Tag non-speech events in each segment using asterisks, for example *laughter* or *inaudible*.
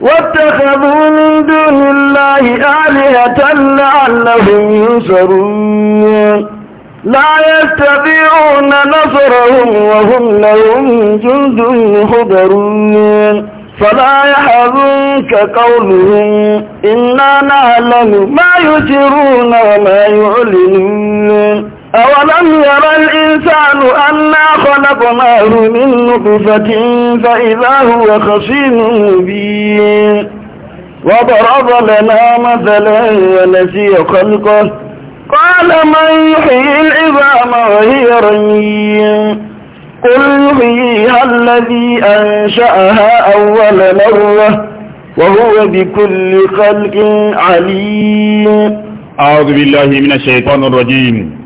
واتخذوا من دون الله آلهة لعلهم ينصرون لا يستطيعون نصرهم وهم لهم جند محضرون فلا يحزنك قولهم إنا نعلم ما يسرون وما يعلنون أولم يرى الإنسان أنا خلقناه من نطفة فإذا هو خصيم مبين وضرب لنا مثلا ونسي خلقه قال من يحيي العظام وهي رميم قل يحييها الذي أنشأها أول مرة وهو بكل خلق عليم أعوذ بالله من الشيطان الرجيم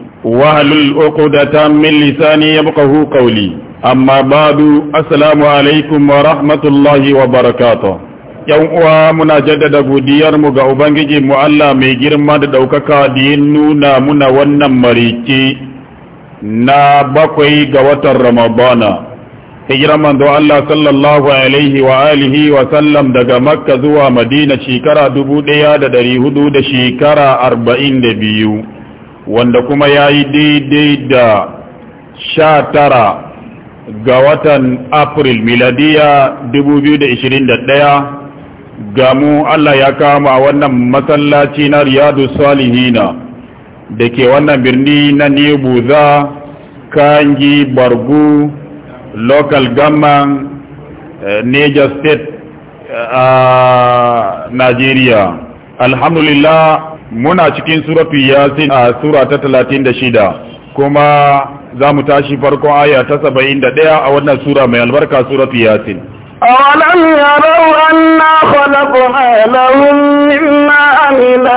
واهل عقدة من لساني يبقه قولي أما بعد السلام عليكم ورحمة الله وبركاته yan uwa muna jaddada godiyarmu ga ubangiji Allah mai girma da ɗaukaka da ya nuna muna wannan mariki na bakwai ga watan ramadana hijirar manzo Allah sallallahu alaihi wa alihi wa sallam daga makka zuwa madina shekara dubu ɗaya da ɗari hudu da shekara arba'in da biyu wanda kuma ya yi daidai da sha tara ga watan april miladiya 2021 ga mu Allah ya kama wannan masallaci na riyadu salihina da ke wannan birni na nebu za kangi bargu local gaman eh, niger state eh, a nigeria alhamdulillah muna cikin suratu yasin a sura ta talatin da shida kuma za mu tashi farkon aya ta saba'in da ɗaya a wannan sura mai albarka suratu yasin أولم يروا أنا خلقنا لهم مما na,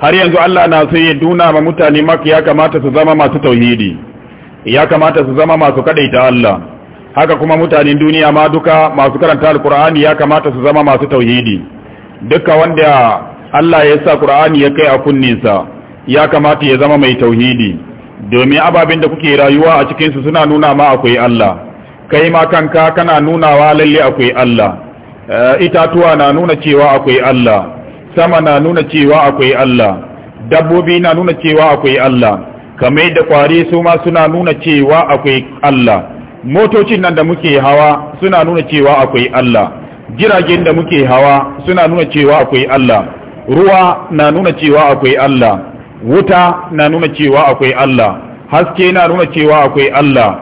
har yanzu Allah na so ya duna ma mutane maka ya kamata su zama masu tauhidi ya kamata su zama masu kadaita Allah haka kuma mutanen duniya ma duka masu karanta alkur'ani ya kamata su zama masu tauhidi duka wanda Allah ya sa Qur'ani ya kai a kunninsa ya kamata ya zama mai tauhidi domin ababen da kuke rayuwa a cikin su suna nuna ma akwai Allah kai ma kanka kana nuna wa lalle akwai Allah eh, itatuwa na nuna cewa akwai Allah sama na nuna cewa akwai Allah dabbobi na nuna cewa akwai Allah kamar da kwari su ma suna nuna cewa akwai Allah motocin nan da muke hawa suna nuna cewa akwai Allah jiragen da muke hawa suna nuna cewa akwai Allah ruwa na nuna cewa akwai Allah wuta na nuna cewa akwai Allah haske na nuna cewa akwai Allah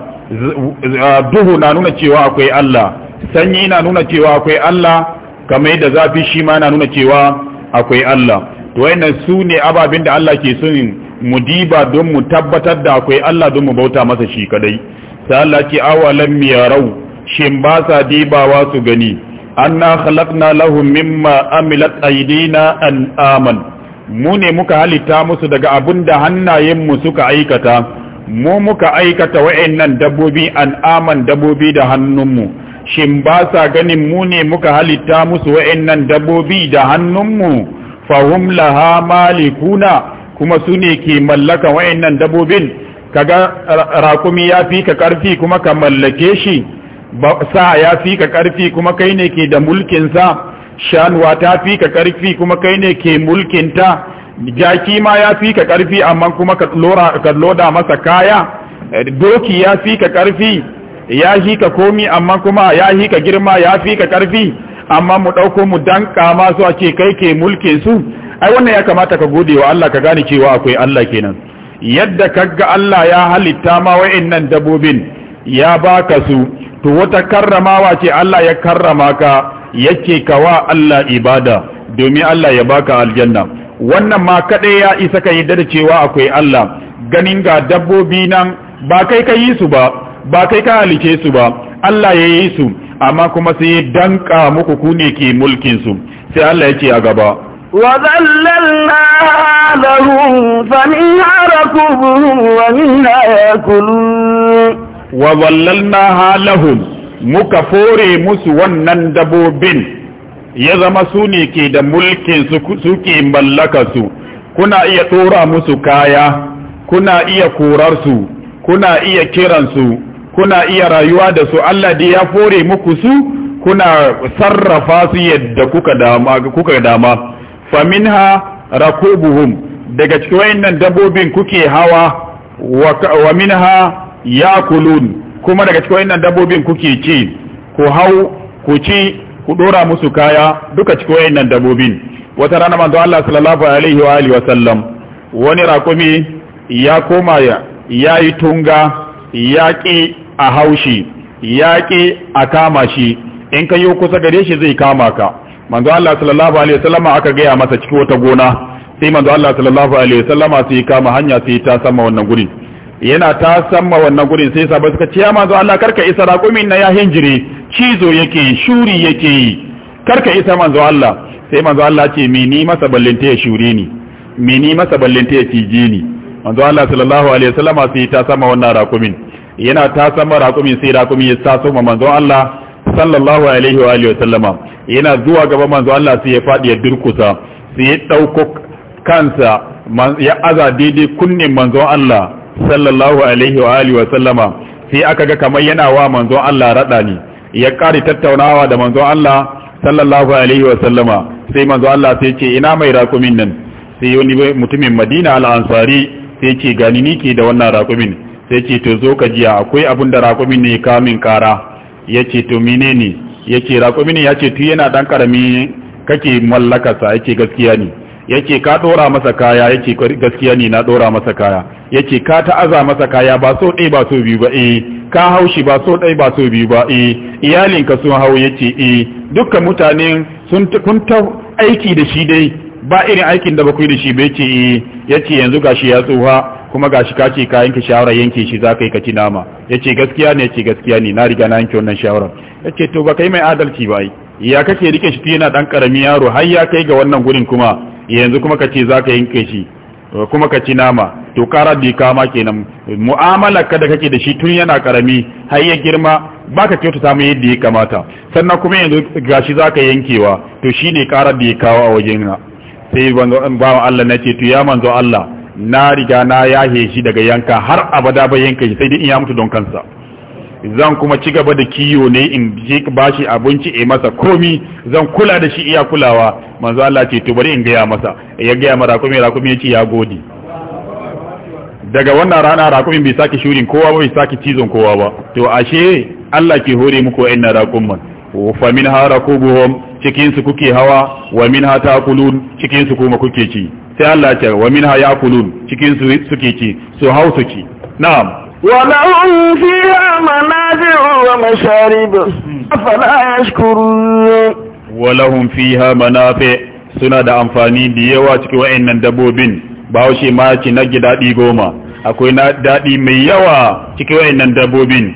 duhu na nuna cewa akwai Allah sanyi na nuna cewa akwai Allah kamar da zafi shi ma na nuna cewa akwai Allah to wayannan su ne ababin da Allah ke son mu diba don mu tabbatar da akwai Allah don mu bauta masa shi kadai sai Allah ce awalam yarau shin ba sa dibawa su gani an na khalaqna lahun mimma amilat aydina an aman mu ne muka halitta musu daga da hannayenmu suka aikata mu muka aikata wa'annan dabbobi an aman dabbobi da hannunmu shi ba sa ganin mu ne muka halitta musu wa'annan dabbobi da hannunmu fahimla ha malikuna kuma su ne ke mallaka wa'annan dabbobin Ka ga rakumi ya fi ka karfi kuma ka mallake shi sa ya fi ka karfi kuma kai ne ke da mulkin sa shanuwa ta fi ka karfi kuma kai ne ke mulkin ta jaki ma ya fi ka karfi amma kuma ka loda masa kaya doki ya fi ka karfi ya hi ka komi amma kuma ya hi ka girma ya fi ka karfi amma mu ɗauko mu danka masu a ce kai ke mulkin su ai wannan ya kamata ka gode wa Allah ka gane cewa akwai Allah kenan yadda kaga Allah ya halitta ma wa'annan dabobin ya baka su to wata karramawa ce Allah ya karrama ka yake kawa Allah ibada domin Allah ya baka aljanna wannan ma kadai ya isa ka yadda da cewa akwai Allah ganin ga dabbobi nan ba kai ka yi su ba ba kai ka halice su ba Allah ya yi su amma kuma sai danka muku ku ne ke mulkin su sai Allah yake a gaba وذللناها لهم فمنها ركوبهم ومنها يأكلون وظللناها لهم muka fore musu wannan dabbobin ya zama su ne ke da mulkin suke mallaka su kuna iya tsora musu kaya kuna iya korarsu kuna iya kiransu kuna iya rayuwa da su Allah da ya fore muku su kuna sarrafa su yadda kuka dama kuka dama faminha rakubuhum daga cikin wayannan dabbobin kuke hawa wa minha yakulun kuma daga cikin wayannan dabbobin kuke ci ku hau ku ci ku dora musu kaya duka cikin wayannan dabbobin wata rana manzo Allah sallallahu alaihi wa alihi wa wani rakumi ya koma ya yayi tunga yaƙi a haushi yaƙi a kama shi in ka yi kusa gare shi zai kama ka manzo Allah sallallahu alaihi wasallam aka gaya masa cikin wata gona sai manzo Allah sallallahu alaihi wasallam sai kama hanya sai ta sama wannan gurin yana ta sama wannan gurin sai sabai suka ce ya manzo Allah karka isa raqumin na ya hinjire cizo yake shuri yake karka isa manzo Allah sai manzo Allah ce me ni masa ballinte ya shuri ni me ni masa ballinte ya cije ni manzo Allah sallallahu alaihi wasallam sai ta sama wannan raqumin yana ta sama raqumin sai raqumin ya taso manzo Allah sallallahu alaihi wa alihi sallama yana zuwa gaba manzo Allah sai ya fadi ya durkusa sai ya ɗauko kansa ya aza daidai kunne manzo Allah sallallahu alaihi wa alihi wa sallama sai aka ga kamar yana wa manzo Allah rada ne ya kare tattaunawa da manzo Allah sallallahu alaihi wa sallama sai manzo Allah sai ce ina mai rakumin nan sai wani mutumin Madina al-Ansari sai ce gani ke da wannan rakumin sai ce to zo ka jiya akwai abin da rakumin ne kamin kara yace to menene yake raƙumi ne yace tu yana dan karami kake mallaka sa yake gaskiya ne yake ka dora masa kaya yake gaskiya ne na dora masa kaya yake ka ta'aza masa kaya ba so ɗaya ba so biyu ba eh ka haushi ba so ɗaya ba so biyu ba eh iyalin ka sun hau yace eh dukkan mutanen sun kun ta aiki da shi dai ba irin aikin da bakwai da shi ba yace eh yace yanzu gashi ya tsoha. kuma gashi ka ce ka yanke shawara yanke shi za ka ci nama ya gaskiya ne yace gaskiya ne na riga na yanke wannan shawarar ya to ba kai mai adalci ba ya kake rike shi yana dan karami yaro har ya kai ga wannan gurin kuma yanzu kuma ka ce za ka yanke shi kuma ka ci nama to kara da kama kenan mu'amalar ka da kake da shi tun yana karami har ya girma baka kyautata mai yadda ya kamata sannan kuma yanzu gashi za ka yankewa to shine karar da ya kawo a wajen sai ban Allah na ce to ya manzo Allah na riga na yahe shi daga yanka har abada ba yanka shi sai dai in ya mutu don kansa zan kuma ci gaba da kiyo ne in je ba shi abinci a masa komi zan kula da shi iya kulawa manzo Allah ce to bari in gaya masa ya gaya ma rakumi ya ce ya gode daga wannan rana rakumin bai sake shurin kowa ba bai sake cizon kowa ba to ashe Allah ke hore muku raƙun man fa min ha rakubuhum cikin su kuke hawa wa min ha taqulun cikin su kuma kuke ci sai Allah ya wa minha yakulun cikin su suke ci su hau su ci na'am ولهم wa masharib afala yashkurun wa lahum fiha manafi suna da amfani da yawa cikin dabobin dabbobin shi ma ci na gida daɗi goma akwai na daɗi mai yawa cikin wayannan dabbobin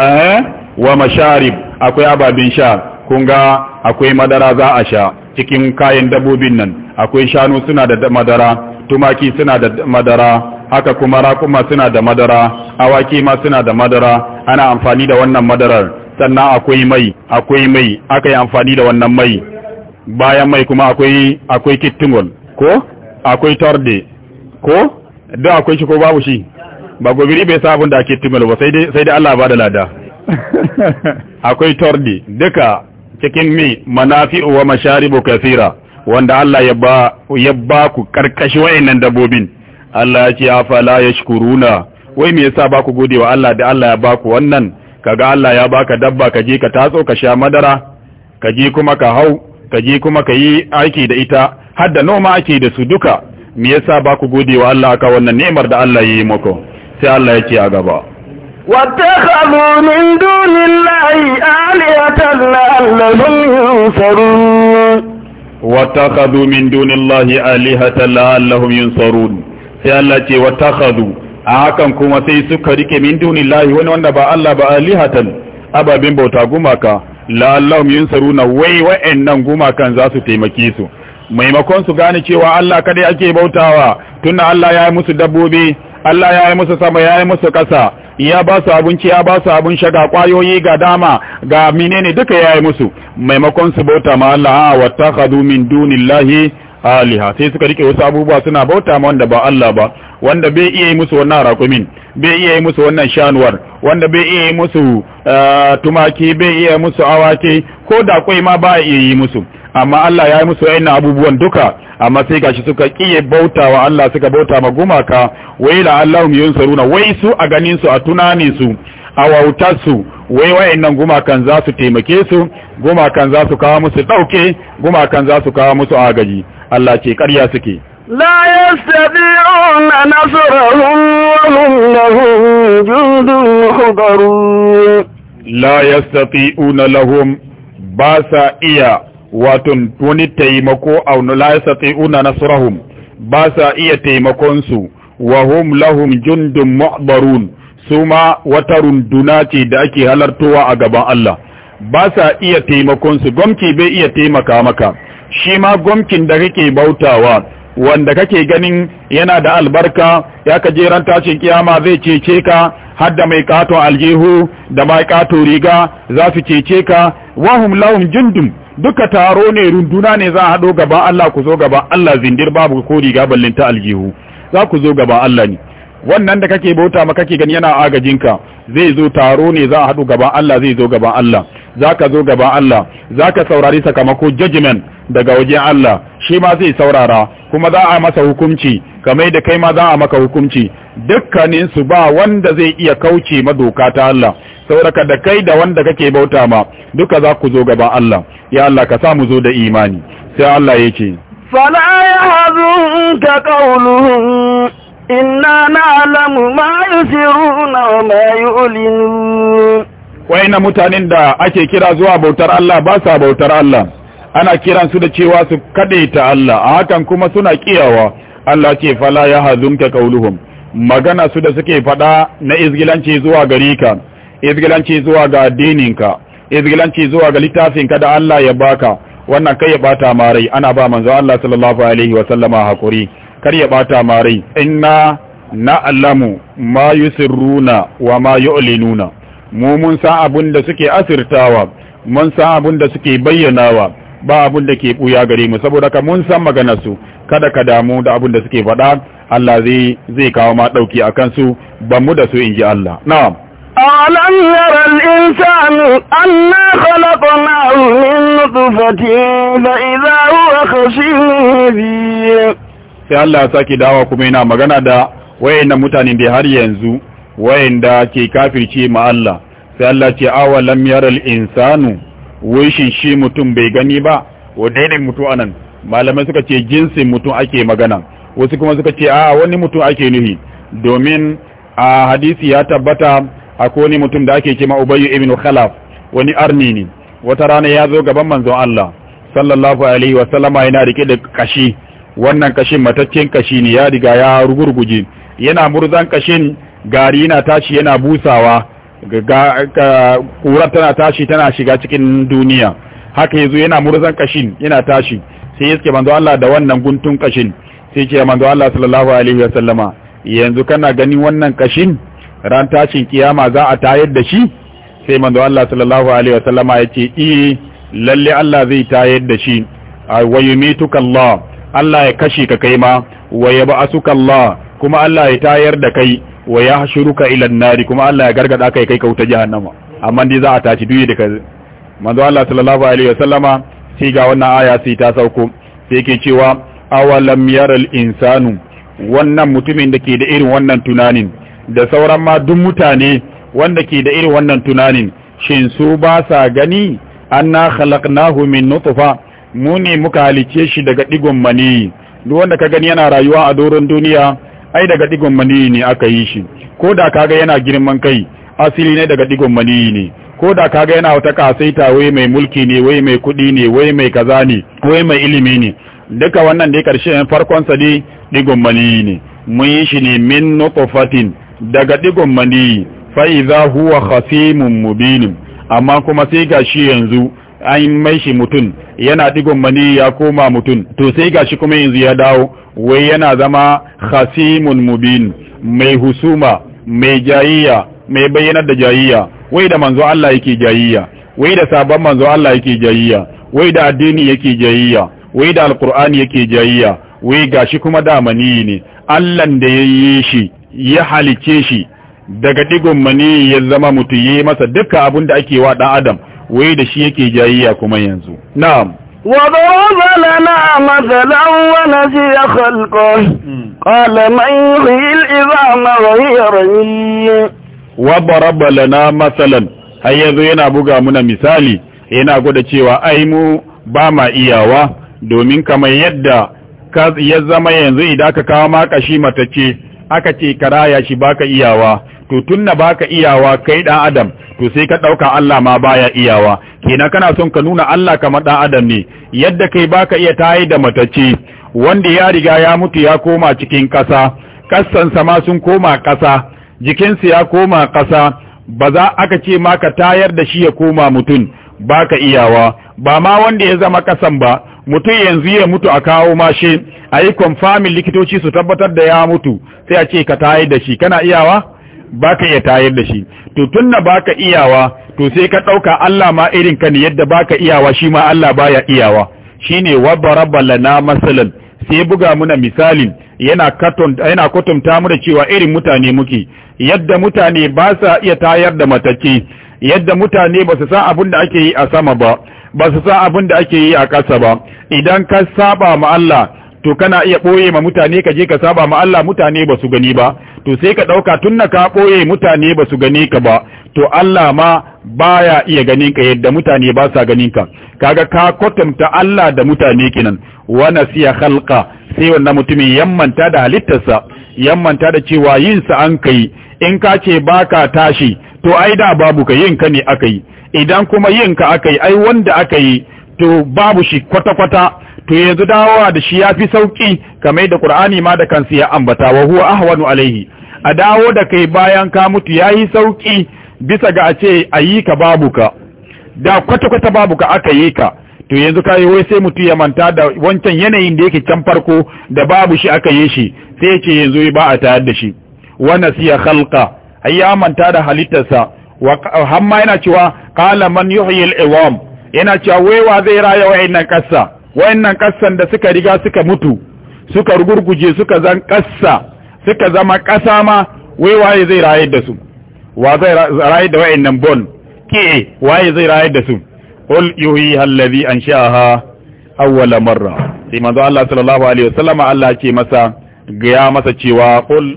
eh, wa masharib akwai ababin sha kun ga akwai madara za a sha cikin kayan dabobin nan akwai shanu suna da madara tumaki suna da madara haka kuma raƙuma suna da madara awaki ma suna da madara ana amfani da wannan madarar sannan akwai mai akwai mai aka yi amfani da wannan mai bayan mai kuma akwai akwai kittingol ko akwai tarde ko da akwai shi ko babu shi ba gobiri bai sa abin da ake timar ba sai dai Allah ba da lada *laughs* akwai tordi duka cikin mi manafi'u wa masharibu kathira wanda Allah ya ba ya ba ku karkashi wayannan dabbobin Allah ya ce afala yashkuruna wai me yasa ba ku gode wa Allah da Allah ya ba ku wannan kaga Allah ya baka dabba ka je ka tatso ka sha madara ka je kuma ka hau ka je kuma ka yi aiki da ita har da noma ake da su duka me yasa ba ku gode wa Allah aka wannan ni'imar da Allah ya yi muku sai Allah ya ce a gaba واتخذوا من دون الله آلهة لعلهم ينصرون واتخذوا من دون الله آلهة لعلهم ينصرون سيالتي واتخذوا akan kuma sai suka rike min dunillahi wani wanda ba Allah ababin bauta gumaka la'allahum yunsaruna wai wa'annan gumakan za su taimake su maimakon su gane cewa Allah kadai ake bautawa tunda Allah ya yi musu dabbobi Allah ya yi musu sama ya yi musu ƙasa ya ba su abinci ya ba su abin shaga kwayoyi ga dama ga menene duka ya yi musu maimakon su bauta ma Allah a ah, wattakhadhu min dunillahi aliha sai suka rike wasu abubuwa suna bauta ma wanda ba Allah ba wanda bai iya yi musu wannan raƙumin bai iya yi musu wannan shanuwar wanda bai iya yi musu eh, tumaki bai iya musu awaki ko da kwai ma ba iya yi musu amma Allah ya yi musu wa'annan abubuwan duka amma sai gashi suka kiye bautawa Allah suka bauta ma gumaka wai la yin saruna wai su a ganin su a tunani su a wautar su wai wa'annan gumakan za su taimake su gumakan za su kawo musu dauke gumakan za su kawo musu agaji Allah ce ƙarya suke لا يستطيعون نصرهم وهم لهم جند محضرون لا يستطيعون لهم باسا iya. waton wani taimako aunu la una nasrahum ba sa iya taimakon su wa hum lahum jundun mu'barun ma wata runduna ce da ake halartowa a gaban Allah ba sa iya taimakonsu gwamki bai iya taimaka maka shi ma gwamkin da kake bautawa wanda kake ganin yana da albarka ya ka jeran tashin kiyama zai cece ka har da mai katon aljihu da mai kato riga za su cece ka wahum lahum jundum duka taro ne runduna ne za a haɗo gaba Allah ku zo gaba Allah zindir babu ko riga ballinta aljihu za ku zo gaba Allah ne wannan da kake bauta ma kake gani yana agajinka zai zo taro ne za a haɗu gaba Allah zai zo gaba Allah za ka zo gaba Allah za ka saurari sakamako judgment daga wajen Allah shi ma zai saurara kuma za a masa hukunci kamar da kai ma za a maka hukunci dukkanin su ba wanda zai iya kauce ma doka ta Allah sauraka da kai da wanda kake bauta ma duka za ku zo gaban Allah ya Allah ka sa mu zo da imani sai Allah yake fala ka qawluhum inna na'lamu ma yusiruna wa ma Wai wayna mutanen da ake kira zuwa bautar Allah ba sa bautar Allah ana kiran su da cewa su ta Allah a hakan kuma suna kiyawa Allah ce fala ya hazunka kauluhum magana su da suke fada na izgilanci zuwa gari ka izgilanci zuwa ga addininka izgilanci zuwa ga ka da Allah ya baka wannan kai ya bata marai ana ba manzo Allah sallallahu alaihi wa sallama hakuri kar ya bata marai inna na'lamu ma yusirruna wa ma yu'linuna mu mun san abin da suke asirtawa mun san abin da suke bayyanawa ba abun da ke buya gare mu saboda ka mun san maganar su kada ka damu da abun da suke faɗa Allah zai zai kawo ma dauki akan su ba mu da su inji Allah na'am alam yara al-insanu anna khalaqnahu min nutfatin fa idha huwa khashiim sai Allah saki dawa kuma yana magana da wayannan mutane da har yanzu wayanda ke kafirce ma Allah sai Allah ce awalam yara al-insanu wishin shi mutum bai gani ba wadda daina mutu anan malamai suka ce jinsin mutum ake magana wasu kuma suka ce a wani mutum ake nuhi domin a hadisi ya tabbata akwai wani mutum da ake kima ubayyu ibn khalaf wani arni ne wata rana ya zo gaban manzon Allah sallallahu alaihi wa sallama yana rike da kashi wannan kashin mataccen kashi ne ya riga ya rugurguje yana murzan kashin gari yana tashi yana busawa ƙurar tana tashi tana shiga cikin duniya haka yazo yana murzan kashin yana tashi sai yake manzo Allah da wannan guntun kashin sai ce manzo Allah sallallahu alaihi sallama, yanzu kana ganin wannan kashin ran tashin kiyama za a tayar da shi sai manzo Allah sallallahu alaihi ya yace eh lalle Allah zai tayar da shi wa yumituka Allah Allah ya kashe ka kai ma wa yab'asuka Allah kuma Allah ya tayar da kai wa yahshuruka ila ilan nari kuma Allah ya gargada kai kai ka wuta jahannama amma dai za a tashi duyi da kai manzo Allah sallallahu alaihi wasallama sai ga wannan aya sai ta sauko sai yake cewa awalam yaral insanu wannan mutumin da ke da irin wannan tunanin da sauran ma duk mutane wanda ke da irin wannan tunanin shin su ba sa gani anna khalaqnahu min nutfa mu ne muka halice shi daga digon mani duk wanda ka gani yana rayuwa a doron duniya ai daga digon maniyi ne aka yi shi ko da kaga yana girman kai asili ne daga digon maniyi ne ko da kaga yana wata kasaita wai mai mulki ne wai mai kuɗi ne wai mai kaza ne wai mai ilimi ne duka wannan dai karshe farkon sa dai digon maniyi ne mun yi shi ne min nutfatin daga digon maniyi fa idza huwa khasimun mubin amma kuma sai gashi yanzu an mai shi mutum yana digon mani ya koma mutum to sai gashi kuma yanzu ya dawo wai yana zama khasimun mubin mai husuma mai jayiya mai bayyanar da jayiya wai da manzo Allah yake jayiya wai da sabon manzo Allah yake jayiya wai da addini yake jayiya wai da alqur'ani yake jayiya wai gashi kuma da mani ne Allah da ya yi shi ya halice shi daga digon mani ya zama mutuye masa dukkan abin da ake wa dan adam wai da shi yake jayayya kuma yanzu na'am وضرب لنا مثلا ونسي خلقه hmm. قال من يحيي العظام وهي wa baraba lana masalan har yanzu yana buga muna misali yana gwada cewa ai mu ba ma iyawa domin kamar yadda ya zama yanzu idan aka kawo makashi matacce aka ce karaya shi baka iyawa to tunna baka iyawa kai dan adam to sai ka dauka Allah ma baya iyawa kenan kana son ka nuna Allah kamar dan adam ne yadda kai baka iya tayi da matacce wanda ya riga ya mutu ya koma cikin kasa kassan sama sun koma kasa jikinsu ya koma kasa ba za aka ce ma ka tayar da shi ya koma mutum baka iyawa ba ma wanda ya zama kasan ba mutum yanzu ya mutu a kawo mashi a yi kwamfamin likitoci su tabbatar da ya mutu sai a ce ka tayi da shi kana iyawa baka iya tayar da shi to tunna baka iyawa to sai ka ɗauka Allah ma irin ka ne yadda baka iyawa shi ma Allah baya iyawa shine wa bala lana masalan sai buga muna misalin yana katon yana mu da cewa irin mutane muke yadda mutane ba sa iya tayar da matacce yadda mutane ba su san abin da ake yi a sama ba ba su san abin da ake yi a ƙasa ba idan ka saba ma Allah to kana iya ɓoye ma mutane ka je ka saba ma Allah mutane ba su gani ba to sai ka ɗauka tunna ka ɓoye mutane ba su gani ka ba to Allah ma baya iya ganin ka yadda mutane ba sa ganin ka kaga ka kwatanta Allah da mutane kenan wa siya halka sai wannan mutumin yammanta da halittarsa yammanta da cewa yin sa an kai in ka ce baka tashi to ai da babu ka yin ka ne aka yi idan kuma yin ka aka yi ai wanda aka yi to babu shi kwata-kwata to yanzu dawowa da shi ya fi sauki kamar da ƙur'ani ma da kansa ya ambata wa huwa ahwanu alaihi a dawo da kai bayan ka mutu ya yi sauki bisa ga a ce a yi ka babu ka da kwata kwata babu ka aka yi ka to yanzu yi wai sai mutu ya manta da wancan yanayin da yake can farko da babu shi aka yi shi sai ya ce yanzu ba a tayar da shi wannan siya halka a ya manta da halittarsa hamma yana cewa kala man yuhayil iwam yana cewa wai wa zai raya wa'annan ƙasa. wayannan kassan da suka riga suka mutu suka rugurguje suka zan kassa suka zama kasa ma wai waye zai rayar da su wa zai rayar da wayannan bon ke waye zai rayar da su qul yuhiha allazi ansha'aha awwala marra sai manzo Allah sallallahu alaihi wasallama Allah ce masa gaya masa cewa qul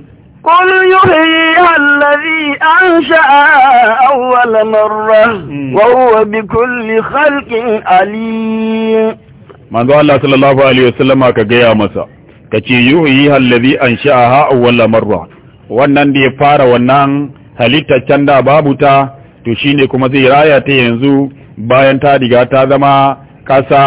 قل يحييها الذي أنشأ أول مرة وهو بكل خلق عليم manzo Allah sallallahu alaihi wasallama ka gaya masa kace yuhi allazi ansha'aha awwala marra wannan da ya fara wannan halitta can babu ta to shine kuma zai raya ta yanzu bayan ta riga ta zama kasa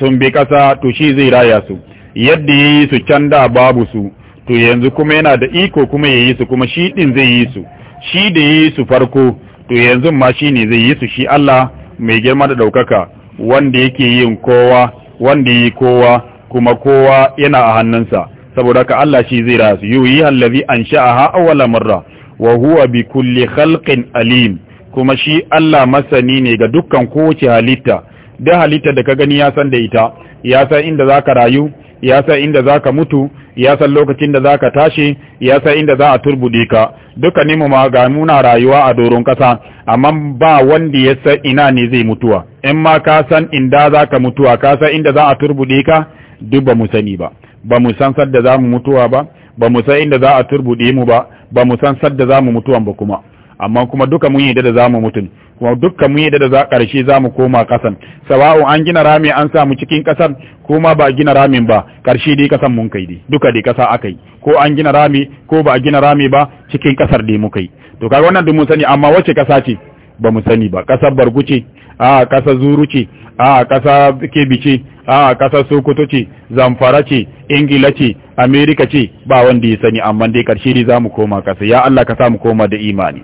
sun bi kasa to shi zai raya su yadda yi su can babu su to yanzu kuma yana da iko kuma yayi su kuma shi din zai yi su shi da yayi su farko to yanzu ma shine zai yi su shi Allah mai girma da ɗaukaka wanda yake yin kowa wanda yi kowa kuma kowa yana a hannunsa saboda ka Allah shi zai rasu yuyi allazi ansha'aha awwala marra wa huwa bi kulli khalqin alim kuma shi Allah masani ne ga dukkan kowace halitta da halitta da ka gani ya san da ita ya san inda zaka rayu ya san inda za ka mutu ya san lokacin da za ka tashi ya san inda za a turbude ka dukkanin mu ma ga muna rayuwa a doron kasa amma ba wanda ya san ina ne zai mutuwa in ma ka san inda za ka mutuwa ka san inda za a turbude ka duk ba mu sani ba ba mu san sadda za mu mutuwa ba ba mu san inda za a turbude mu ba ba mu san sadda za mu mutuwan ba kuma amma kuma duka mun yi da zamu mutun kuma duka mun yi da za karshe zamu koma kasan sawa'u an gina rami an sa mu cikin kasan kuma ba gina ramin ba karshe dai kasan mun kai dai duka dai kasa akai ko an gina rami ko ba gina rami ba cikin kasar dai mu kai to kaga wannan duk mun sani amma wace kasa ce ba mu sani ba kasar barguce ce a kasar zuruce ce a kasa kebi ce a kasar sokoto ce zamfara ce ingila ce amerika ce ba wanda ya sani amma dai karshe dai za mu koma kasa ya allah ka sa mu koma da imani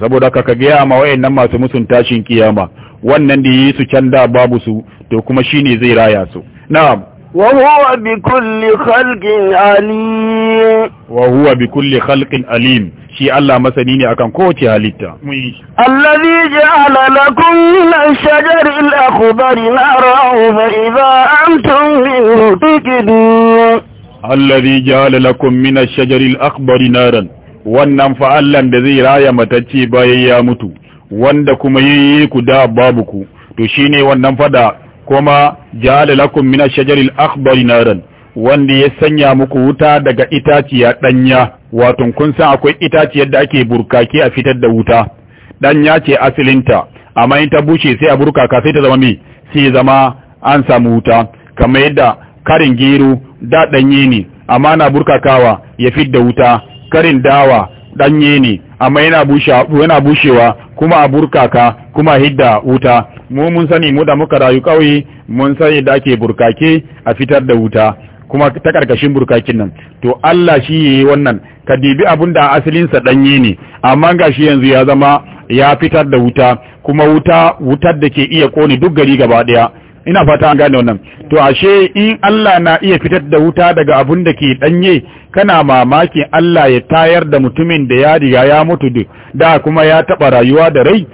saboda ka ka gaya ma wayannan masu musun tashin kiyama wannan da yi su can babu su to kuma shine zai raya su na'am wa huwa bi kulli khalqin alim wa huwa bi kulli khalqin alim shi Allah masani ne akan kowace halitta allazi ja'ala lakum min ash-shajari al-akhdari naran fa idha antum minhu tukidun allazi ja'ala lakum min ash-shajari al-akhdari naran wannan fa’allan da zai raya matacce bayan ya mutu wanda kuma yi ku da babu ku to shi ne wannan fada kuma ja lakum mina shajaril akhbari naran wanda ya sanya muku wuta daga itaciya ɗanya wato kun san akwai itaciyar da ake burkake a fitar da wuta ɗanya ce asilinta amma in ta bushe sai a burkaka sai ta zama me sai zama an samu wuta kamar yadda karin gero da ɗanye ne amma na burkakawa ya fit da wuta karin dawa ɗanye ne amma yana yana bushewa kuma a burkaka kuma hidda wuta mu mun sani mu da muka rayu kauye mun sani da ake burkake a fitar da wuta kuma ta karkashin burkakin nan to Allah shi yayi wannan ka dibi abin da asalin sa danye ne amma gashi yanzu ya zama ya fitar da wuta kuma wuta wutar da ke iya kone duk gari gaba daya ina fata an gane wannan to ashe in Allah na iya fitar da wuta daga abun da ke danye kana mamaki Allah ya tayar da mutumin da ya riga ya mutu da kuma ya taba rayuwa da rai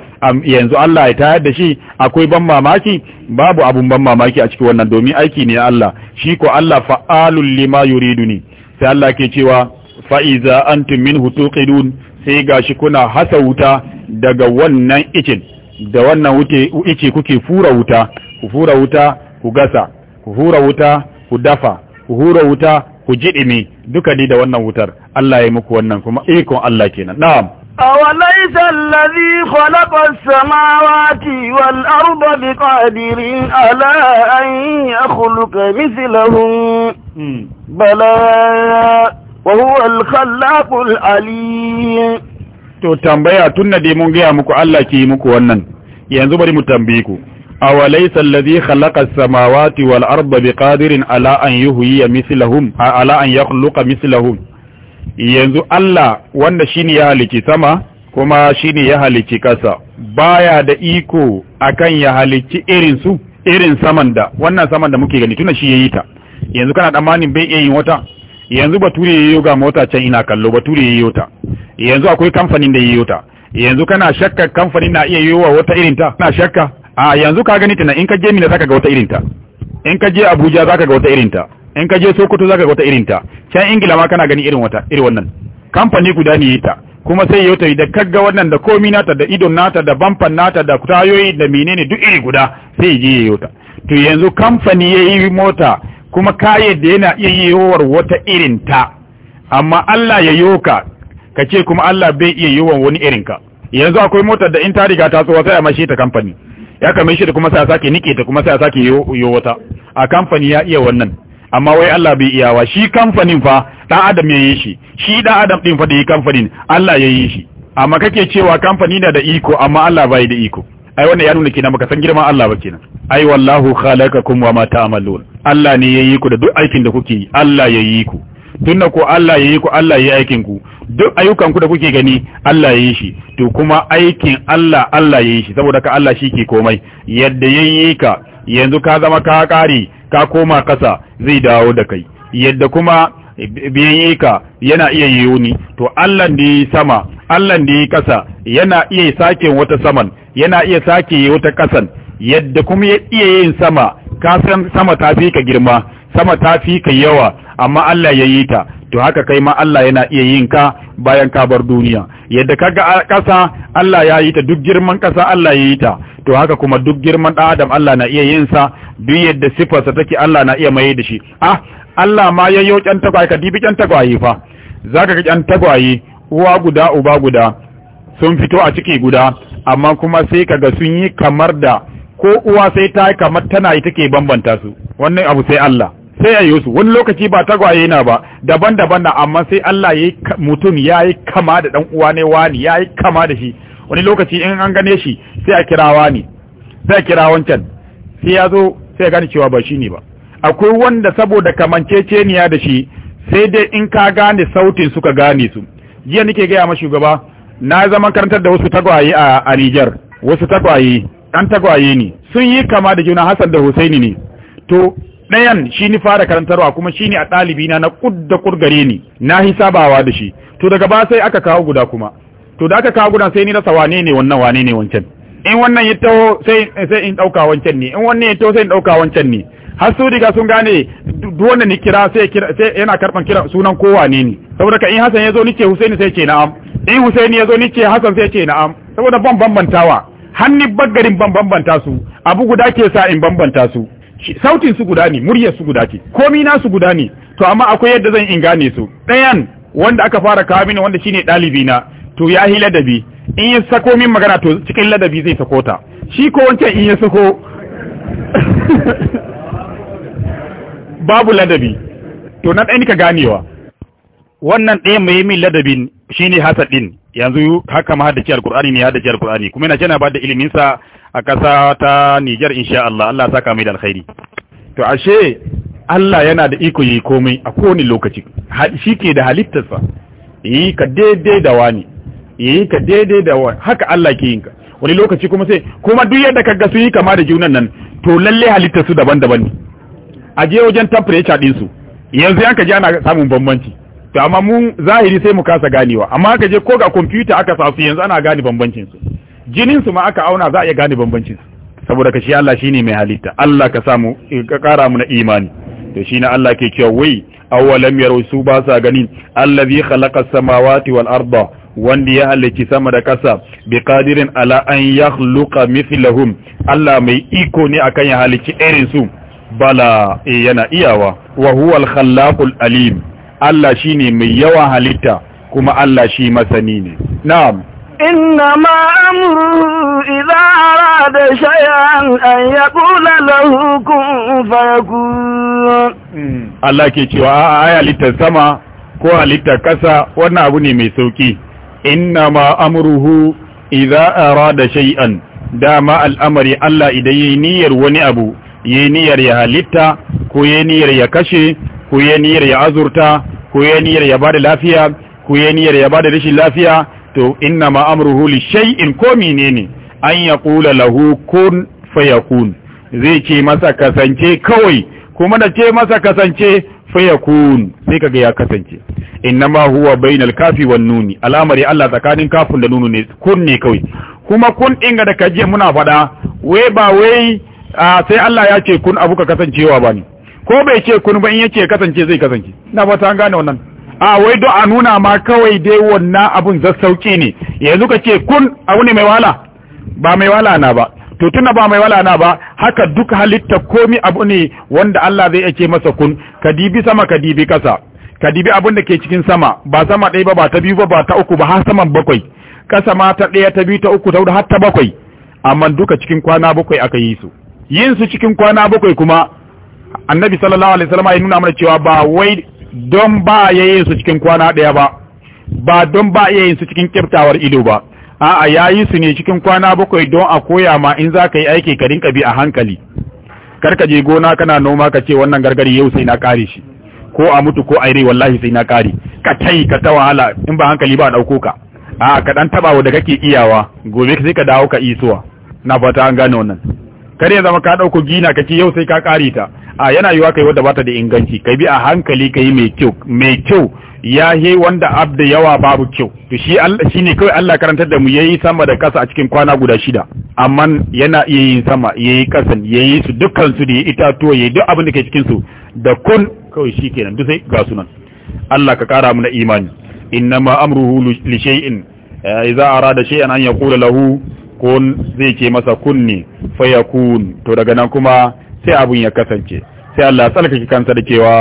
yanzu Allah ya tayar da shi akwai ban mamaki babu abun ban mamaki a cikin wannan domin aiki ne Allah shi ko Allah fa'alul lima yuridu sai Allah ke cewa fa iza antum minhu tuqidun sai gashi kuna hasa wuta daga wannan icin da wannan wuce ice kuke fura wuta ku fura wuta ku gasa ku fura wuta ku dafa ku hura wuta ku jiɗime duka ni da wannan wutar Allah ya muku wannan kuma ikon Allah kenan na'am أوليس الذي خلق السماوات والأرض بقادر على أن يخلق مثلهم بلى وهو الخلاق العليم to tambaya tunna dai mun gaya muku Allah ke yi muku wannan yanzu bari mu tambaye ku awalaysa allazi khalaqa as-samawati wal arda biqadirin ala an yuhyiya mithlahum ala an yakhluqa mithlahum yanzu Allah wanda shine ya halici sama kuma shine ya halici kasa baya da iko akan ya halici irin su irin saman da wannan saman da muke gani tuna shi yayi ta yanzu kana tsammanin bai iya yin wata yanzu bature yayi ga mota can ina kallo bature yayi ta yanzu akwai kamfanin da yi ta yanzu kana shakka kamfanin na iya yiwuwa wata irinta na kana shakka a yanzu ka gani tana in ka je mina zaka ga wata irinta in ka je Abuja zaka ga wata irinta in ka je Sokoto zaka ga wata irinta can Ingila ma kana gani irin wata irin wannan kamfani guda ne ta kuma sai yau tayi da kagga wannan da komi nata da idon nata da bamfan nata da tayoyi da menene duk iri guda sai je yau ta to yanzu kamfani yayi mota kuma kayan da yana iya yiwuwar wata irin ta amma Allah ya yoka ka ce kuma Allah bai iya yi wa wani irin ka yanzu akwai motar da in ta riga ta tsowa sai a mashi ta kamfani ya kamai shi da kuma sai a sake nike ta kuma sai a sake yi wata a kamfani ya iya wannan amma wai Allah bai iya wa. shi kamfanin fa dan adam ya yi shi shi dan adam din fa da yi kamfanin Allah ya yi shi amma kake cewa kamfani na da iko amma Allah bai da iko ai wannan ya nuna kenan baka san girman Allah ba kenan ai wallahu khalaqakum wa ma ta'malun Allah ne yayi ku da duk aikin da kuke yi Allah yayi ku tunda ko Allah yayi ku Allah yayi aikin ku duk ayyukan ku da kuke gani Allah yayi shi to kuma aikin Allah Allah yayi shi saboda ka Allah shi ke komai yadda yayi ka yanzu ka zama ka kare ka koma kasa zai dawo da kai yadda kuma biyan ka yana iya yiwu ni to Allah da sama Allah da yi kasa yana iya sake wata saman yana iya sake wata kasan yadda kuma ya iya yin sama ka san sama ta fi ka girma sama ta fi ka yawa amma Allah ya yi ta to haka kai ma Allah yana iya yin ka bayan ka bar duniya yadda ka ga ƙasa Allah ya yi ta duk girman ƙasa Allah ya yi ta to haka kuma duk girman ɗan adam Allah na iya yin sa duk yadda sifarsa take Allah na iya mai da shi ah Allah ma ya yi ƙyan tagwaye ka dibi ƙyan tagwaye fa zaka ka ƙyan tagwaye uwa guda uba guda sun fito a ciki guda amma kuma sai kaga sun yi kamar da ko uwa sai ta yi kamar tana yi take bambanta su wannan abu sai Allah sai a Yusuf wani lokaci ba tagwaye na ba daban-daban na amma sai Allah ya yi mutum ya yi kama da dan uwa ne wani ya yi kama da shi wani lokaci in an gane shi sai a kira wani sai a kira wancan sai ya zo sai ya gane cewa ba shi ne ba akwai wanda saboda kamanceceniya da shi sai dai in ka gane sautin suka gane su jiya nake gaya ma shugaba na zama karantar da wasu tagwaye a, a Nijar wasu tagwaye dan tagwaye ne sun yi kama da juna Hassan da Husaini ne to ɗayan shi ni fara karantarwa kuma shi ne a ɗalibina na kudda kurgare ni na hisabawa da shi to daga ba sai aka kawo guda kuma to da aka kawo guda sai ni rasa wane ne wannan wane ne wancan in wannan ya taho sai sai in ɗauka wancan ne in wannan ya taho sai in ɗauka wancan ne har su riga sun gane duk wanda ni kira sai sai yana karban kira sunan wane ne saboda ka in Hassan ya zo ni ce Husaini sai ce na'am in Husaini ya zo ni ce Hassan sai ce na'am saboda ban bambantawa hannun baggarin ban bambanta su abu guda ke sa in bambanta su sautin su guda ne muryar su guda ce komi na su guda ne to amma akwai yadda zan in gane su ɗayan wanda aka fara kawo mini wanda shine ɗalibi na to ya hi ladabi in ya sako min magana to cikin ladabi zai sako ta shi ko wancan in ya sako *laughs* babu ladabi to na ɗaya ka ganewa wannan ɗaya mai min ladabin shine hasad din yanzu haka ma haddace alqur'ani ne haddace alqur'ani kuma yana ba da ilimin sa a ƙasa ta Nijar insha Allah Allah ya saka mai da alkhairi to ashe Allah yana da iko yi komai a kowane lokaci shi ke da halittarsa yi ka daidai da wani yi ka daidai da wani haka Allah ke yinka. ka wani lokaci kuma sai kuma duk yadda ka ga su yi kama da junan nan to lalle halittar su daban-daban ne a je wajen temperature din su yanzu yanka ji ana samun bambanci to amma mun zahiri sai mu kasa ganewa amma ka je ko ga computer aka sa su yanzu ana gane bambancin su jinin su ma aka auna za a iya gane bambancin saboda ka shi Allah shine mai halitta Allah ka samu ka kara mu na imani to shine Allah ke cewa wai awalam yaraw su ba sa ganin allazi khalaqa samawati wal arda wanda ya halicci sama da kasa bi qadirin ala an yakhluqa mithlahum Allah mai iko ne akan ya halicci irin su bala eh, yana iyawa wa huwa al khallaqul alim Allah shine mai yawan halitta kuma Allah shi masani ne na'am إنما أمره إذا أراد شيئا أن يقول له كن فيكون الله ke cewa a halittar sama ko halittar ƙasa wannan abu ne mai sauki innama amruhu idza arada shay'an dama al'amari Allah idan yayi wani abu yayi ya halitta ko yayi ya kashe ko yayi ya azurta ko yayi ya bada lafiya ko yayi ya bada rashin lafiya to inna ma amruhu li shay'in ko menene an yaqula lahu kun fayakun zai ce masa kasance kawai kuma da ce masa kasance fayakun sai kaga ya kasance ma huwa bainal kafi wan nuni al'amari Allah tsakanin kafin da nunu ne kun ne kawai kuma kun dinga da kaje muna fada wai ba wai sai Allah ya ce kun abu ka kasancewa bane ko bai ce kun ba in yace kasance zai kasance na fata an gane wannan a wai do a nuna ma kawai dai wannan abun za sauki ne yanzu ka ce kun abu ne mai wala ba mai wala na ba to tuna ba mai wala na ba haka duk halitta komi abu ne wanda Allah zai yake masa kun ka dibi sama ka dibi kasa ka dibi abun da ke cikin sama ba sama ɗaya ba ba ta biyu ba ba ta uku ba har saman bakwai kasa ma ta ɗaya ta biyu ta uku ta huɗu har ta bakwai amma duka cikin kwana bakwai aka yi su yin su cikin kwana bakwai kuma annabi sallallahu alaihi wasallam ya nuna mana cewa ba wai don ba a yin su cikin kwana ɗaya ba ba don ba a yin su cikin kyaftawar ido ba a'a yayi su ne cikin kwana bakwai don a koya ma in za ka yi aiki ka rinka bi a hankali karka je gona kana noma ka ce wannan gargari yau sai na kare shi ko a mutu ko a rai wallahi sai na kare ka tai ka ta wahala in ba hankali ba a ɗauko ka a'a ka ɗan taɓa da kake iyawa gobe sai ka dawo ka isuwa na fata an gane wannan kar ya zama ka dauko gina kake yau sai ka kare ta a yana yiwa kai wanda bata da inganci kai bi a hankali kai mai kyau mai kyau ya he wanda abda yawa babu kyau to shi Allah shine kawai Allah karantar da mu yayi sama da kasa a cikin kwana guda shida amma yana iya yin sama yayi kasan yayi su dukkan su da itatuwa yayi duk abin da ke cikin su da kun kawai shikenan duk sai ga sunan Allah ka kara mu na imani innama amruhu li shay'in eh, idza arada shay'an an yaqula lahu kun zai ce masa kunni faya kun to daga nan kuma sai abun ya kasance sai Allah tsalkake kansa da cewa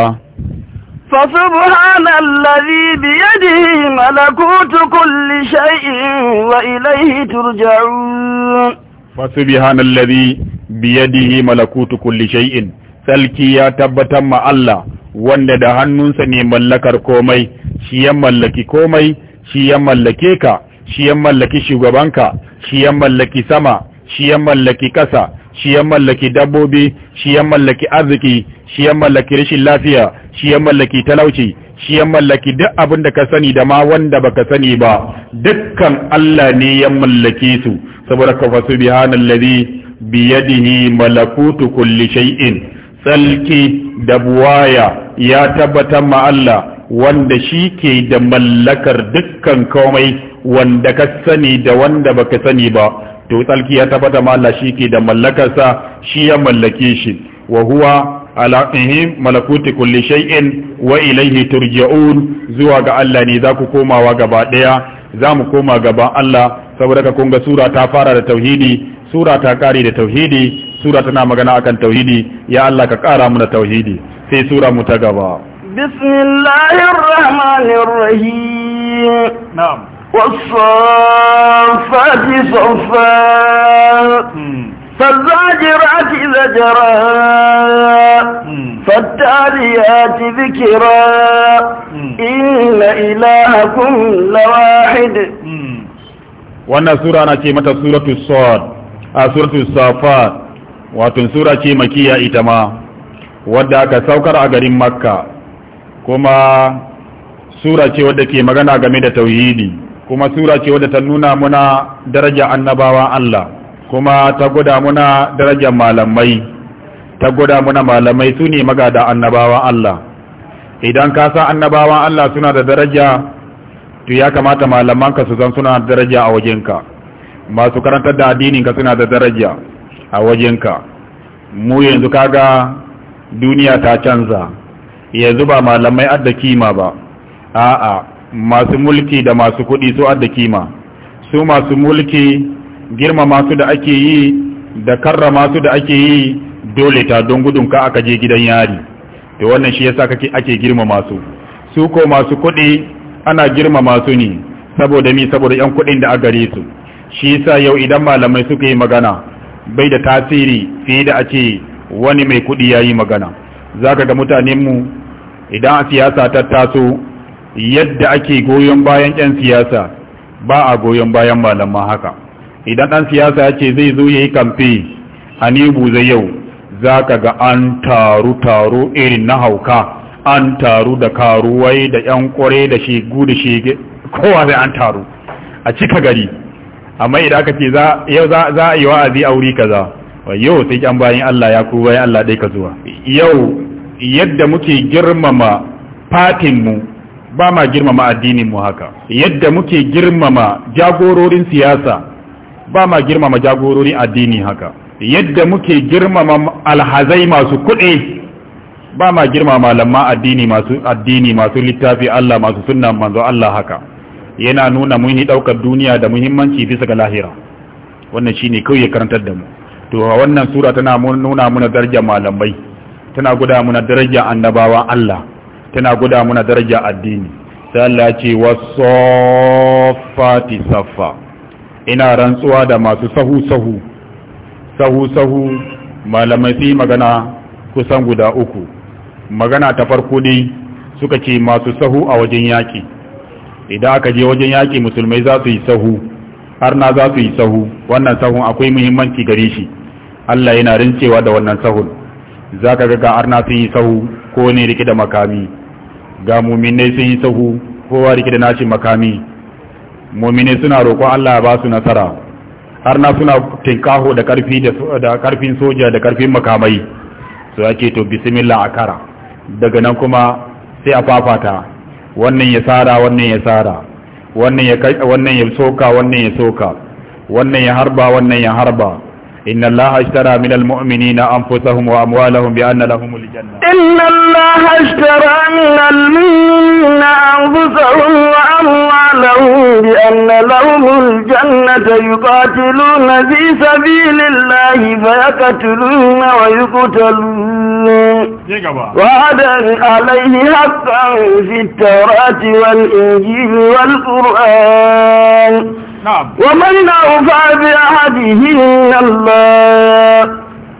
fa subhanallazi bi yadihi malakutu kulli shay'in wa ilayhi turja'un fa subhanallazi bi yadihi malakutu kulli shay'in salki ya tabbatar ma Allah wanda da hannunsa ne mallakar komai shi ya mallaki komai shi ya mallake ka shi ya mallaki shugabanka shi ya mallaki sama shi ya mallaki ƙasa shi ya mallaki dabbobi shi ya mallaki arziki shi ya mallaki rashin lafiya shi ya mallaki talauci shi ya mallaki duk abin da ka sani da ma wanda baka sani ba dukkan Allah ne ya mallaki su saboda ka fasu bihanallazi biyadihi malakutu kulli shay'in tsalki da buwaya ya tabbatar ma Allah wanda shi ke da mallakar dukkan komai wanda ka sani da wanda baka sani ba to tsalki ya tabbata ma Allah shi ke da mallakarsa shi ya mallake shi wa huwa ala malakuti kulli shay'in wa ilayhi turja'un zuwa ga Allah ne za ku komawa gaba daya za mu koma gaba Allah saboda ka kunga sura ta fara da tauhidi sura ta kare da tauhidi sura tana magana akan tauhidi ya Allah ka kara mana tauhidi sai sura mu ta gaba bismillahir rahmanir rahim na'am والصافات صفا فالزاجرات زجرا فالتاليات ذكرا إن إلهكم لواحد wannan sura ana ce mata suratu sad a suratu safat wato ita ma wadda aka saukar a garin makka kuma sura ce wadda ke magana game da tauhidi kuma sura ce wadda ta nuna muna daraja annabawa Allah kuma ta gwada muna darajar malamai ta gwada muna malamai su ne magada annabawa Allah idan ka sa annabawa Allah suna da daraja to ya kamata malamanka su zan suna da daraja a wajenka masu karantar da addininka suna da daraja a wajenka mu yanzu kaga duniya ta canza yanzu ba malamai adda kima ba a'a masu mulki da masu kuɗi su adda kima su masu mulki girmama su da ake yi da karrama su da ake yi dole ta don gudun ka aka je gidan yari to wannan shi yasa kake ake girmama su su ko masu kuɗi ana girmama su ne saboda mi saboda yan kuɗin da aka gare su shi yasa yau idan malamai suka yi magana bai da tasiri fiye da ake wani mai kuɗi ya yi magana zaka ga mutanen mu idan a siyasa ta taso yadda ake goyon bayan 'yan siyasa ba a goyon bayan malama haka idan ɗan siyasa ya ce zai zo ya yi kamfe a nebu zai yau za ka ga an taru taro irin na hauka an taru da karuwai da 'yan ƙware da shegu da shege kowa zai an taru a cika gari amma idan aka ce yau za a yi wa'azi a wuri kaza yau sai kyan bayan Allah ya kuwa bayan Allah dai ka zuwa yau yadda muke girmama fatinmu ba ma girmama addinin mu haka yadda muke girmama jagororin siyasa ba ma girmama jagororin addini haka yadda muke girmama alhazai masu kuɗi ba ma girmama malama addini masu addini masu littafi Allah masu sunnan manzo Allah haka yana nuna muni daukar duniya da muhimmanci bisa ga lahira wannan shine kawai ya karantar da mu to wannan sura tana nuna muna darajar malamai tana guda mana darajar annabawa Allah tana guda muna daraja addini sai Allah ce wasaffati saffa ina rantsuwa da masu sahu sahu sahu sahu malamai sai magana kusan guda uku magana ta farko dai suka ce masu sahu a wajen yaki idan aka je wajen yaki musulmai za su yi sahu har na za su yi sahu wannan sahun akwai muhimmanci gare shi Allah yana rincewa da wannan sahun za ka ga arna sun yi sahu ko ne rike da makami ga muminai sun yi sahu kowa rike da nashi makami muminai suna roƙon Allah ya ba su nasara har na suna tinkaho da karfi da karfin soja da karfin makamai so yake to bismillah akara daga nan kuma sai a fafata wannan ya sara wannan ya sara wannan ya wannan ya soka wannan ya soka wannan ya harba wannan ya harba إن الله اشترى من المؤمنين أنفسهم وأموالهم بأن لهم الجنة إن الله اشترى من المؤمنين أنفسهم وأموالهم بأن لهم الجنة يقاتلون في سبيل الله فيقتلون ويقتلون وعدا عليه حقا في التوراة والإنجيل والقرآن ومن أوفى بعهدهن الله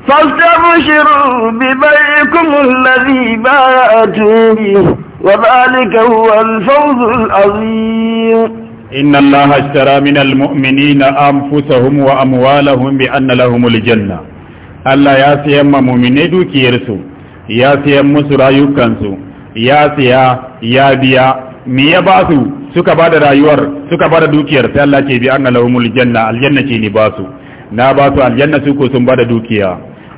فاستبشروا ببيعكم الذي بايعتم به وذلك هو الفوز العظيم إن الله اشترى من المؤمنين أنفسهم وأموالهم بأن لهم الجنة Allah ya siyan ma muminai dukiyarsu ya siyan musu rayukansu ya siya ya biya me ya ba su suka da rayuwar suka bada dukiyar sai Allah ce bi anna lahumul janna aljanna ce ni basu na basu aljanna su ko sun da dukiya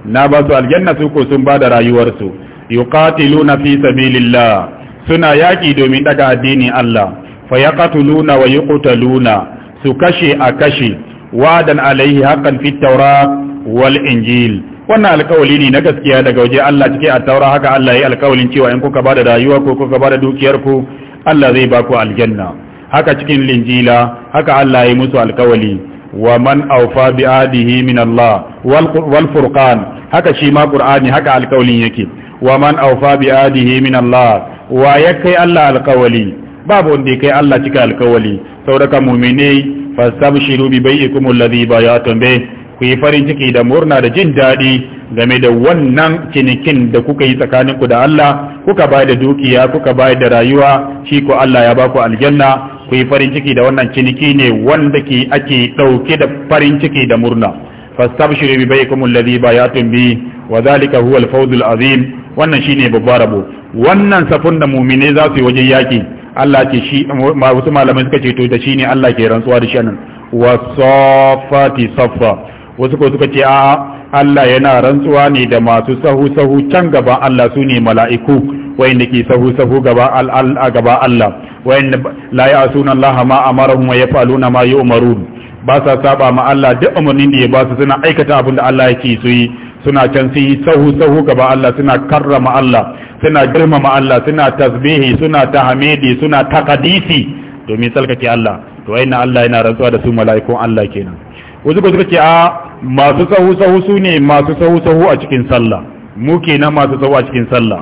na basu aljanna su ko sun da rayuwar su yuqatiluna fi sabilillah suna yaki domin daga addinin Allah fayaqtuluna wa yuqtaluna su kashe a kashe wadan alaihi haqqan fit tawrat wal injil wannan alkawali ne na gaskiya daga waje Allah cike a taura haka Allah ya alkawalin cewa in kuka bada rayuwa ko kuka bada dukiyar ku Allah zai ba ku aljanna haka cikin linjila haka Allah ya musu alkawali wa man awfa bi adihi min Allah wal furqan haka shi ma qur'ani haka alkawalin yake wa man awfa bi adihi min Allah wa yakai Allah alkawali babu wanda kai Allah cika alkawali sauraka mu'minai fastabshiru bi bai'ikum alladhi bayatun bih ku yi farin ciki da murna da jin daɗi game da wannan cinikin da kuka yi tsakaninku da Allah kuka bayar da dukiya kuka bayar da rayuwa shi ko Allah ya baku aljanna ku yi farin ciki da wannan ciniki ne wanda ke ake dauke da farin ciki da murna fastabshiru bi baikum alladhi bayatun bi wa zalika huwa al-fawz al-azim wannan shine babbar rabo wannan safun da mu'mine za su yi wajen yaki Allah ke shi wasu malamai suka ce to da shine Allah ke rantsuwa da shi nan wasafati safa wasu ko suka ce a'a Allah yana rantsuwa ne da masu sahu sahu can gaban Allah su ne mala'iku wayanda ke sahu sahu gaba Allah wayanda a sunan Allah ma amarahum wa yaf'aluna ma yu'marun ba sa saba ma Allah duk umarnin da ya ba su suna aikata abin da Allah yake so yi suna can su yi sahu sahu gaba Allah suna karrama Allah suna girmama Allah suna tasbihi suna tahmidi suna takadisi domin tsalkake Allah to wayannan Allah yana rantsuwa da su mala'ikun Allah kenan wasu suka ce a masu sahu sahu su ne masu sahu sahu a cikin sallah mu ke nan masu sahu a cikin sallah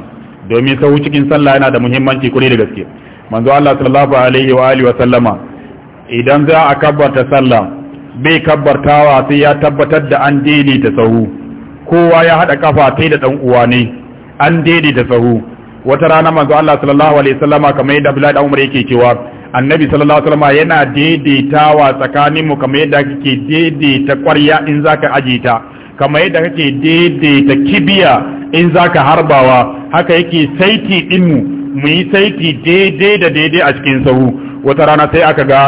domin sahu cikin sallah yana da muhimmanci kuri da gaske manzo Allah sallallahu alaihi wa alihi wa sallama idan za a kabbarta sallah bai kabbartawa sai ya tabbatar da an ta sahu kowa ya hada kafa tai da dan uwa ne an ta sahu wata rana manzo Allah sallallahu alaihi wa sallama kamar yadda Abdullahi da Umar yake cewa annabi sallallahu alaihi wasallam yana daidaitawa tsakanin mu kamar yadda kake daidaita ƙwarya in zaka aje ta kamar yadda kake daidaita kibiya in zaka harbawa haka yake saiti din mu mu yi saiti daidai da daidai a cikin sahu wata rana sai aka ga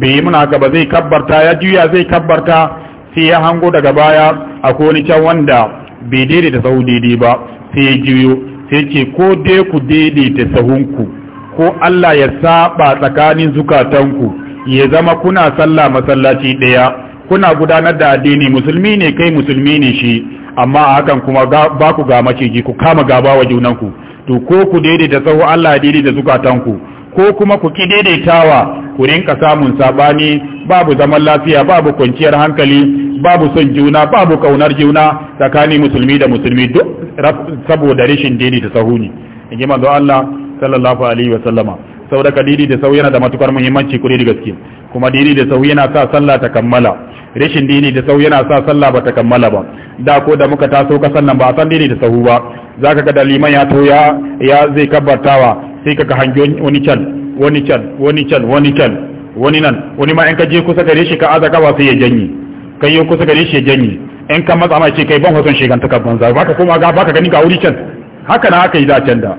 bai yi muna haka ba zai kabbarta ya juya zai kabbarta sai ya hango daga baya akwai wani can wanda bai daidaita sahu daidai ba sai ya juyo sai ce ko dai ku daidaita sahunku ko Allah ya saba tsakanin zukatanku ya zama kuna sallah masallaci daya kuna gudanar da addini musulmi ne kai musulmi ne shi amma a hakan kuma ba ku ga maciji ku kama gaba wa junanku to ko ku daidaita sahu Allah ya daidaita zukatanku ko kuma ku ki daidaitawa ku rinka samun sabani babu zaman lafiya babu kwanciyar hankali babu son juna babu kaunar juna tsakanin musulmi da musulmi duk saboda rashin daidaita sahu ne in ji manzo Allah sallallahu alaihi wa sallama saboda ka da sau yana da matukar muhimmanci kuri da gaske kuma dini da sau yana sa sallah ta kammala rashin dini da sau yana sa sallah ba ta kammala ba da ko da muka taso kasan nan ba a san dini da sahu ba zaka ga da liman ya to ya ya zai kabbartawa sai ka hangen wani can wani can wani can wani can wani nan wani ma in ka je kusa gare shi ka aza ba sai ya janye kai yau kusa gare shi ya janye in ka matsa ma ce kai ban hoton shiganta ka banza baka koma ga baka gani ga wuri can haka na haka yi da can da